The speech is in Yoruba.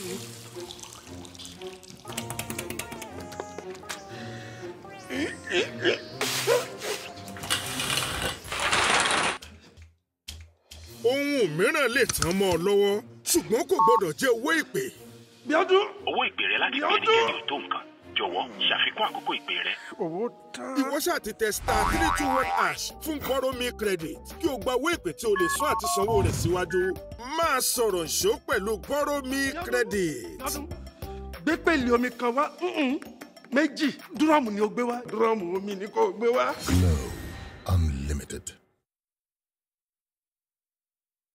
ohun mìíràn lè tán mọ́ ọ lọ́wọ́ ṣùgbọ́n kò gbọ́dọ̀ jẹ́ owó ìpè. Bíọ́dún. owó ìpè rẹ láti pè ẹnikẹ́ni ò tó nǹkan jọ̀wọ́ ṣàfikún àkókò ìpè rẹ. owó tán. ìwọ ṣáà star three two one hash fún borrow me credit kí o gba owó ìpè tí o lè sún àti sanwó rẹ̀ síwájú máa sọ̀rọ̀ ṣó pẹ̀lú borrow me credit. gbé pèlè omi kan wá méjì dúrọ́ọ̀mù ni ó gbé wá dúrọ́ọ̀mù omi ni kò gbé wá. Glo unlimited.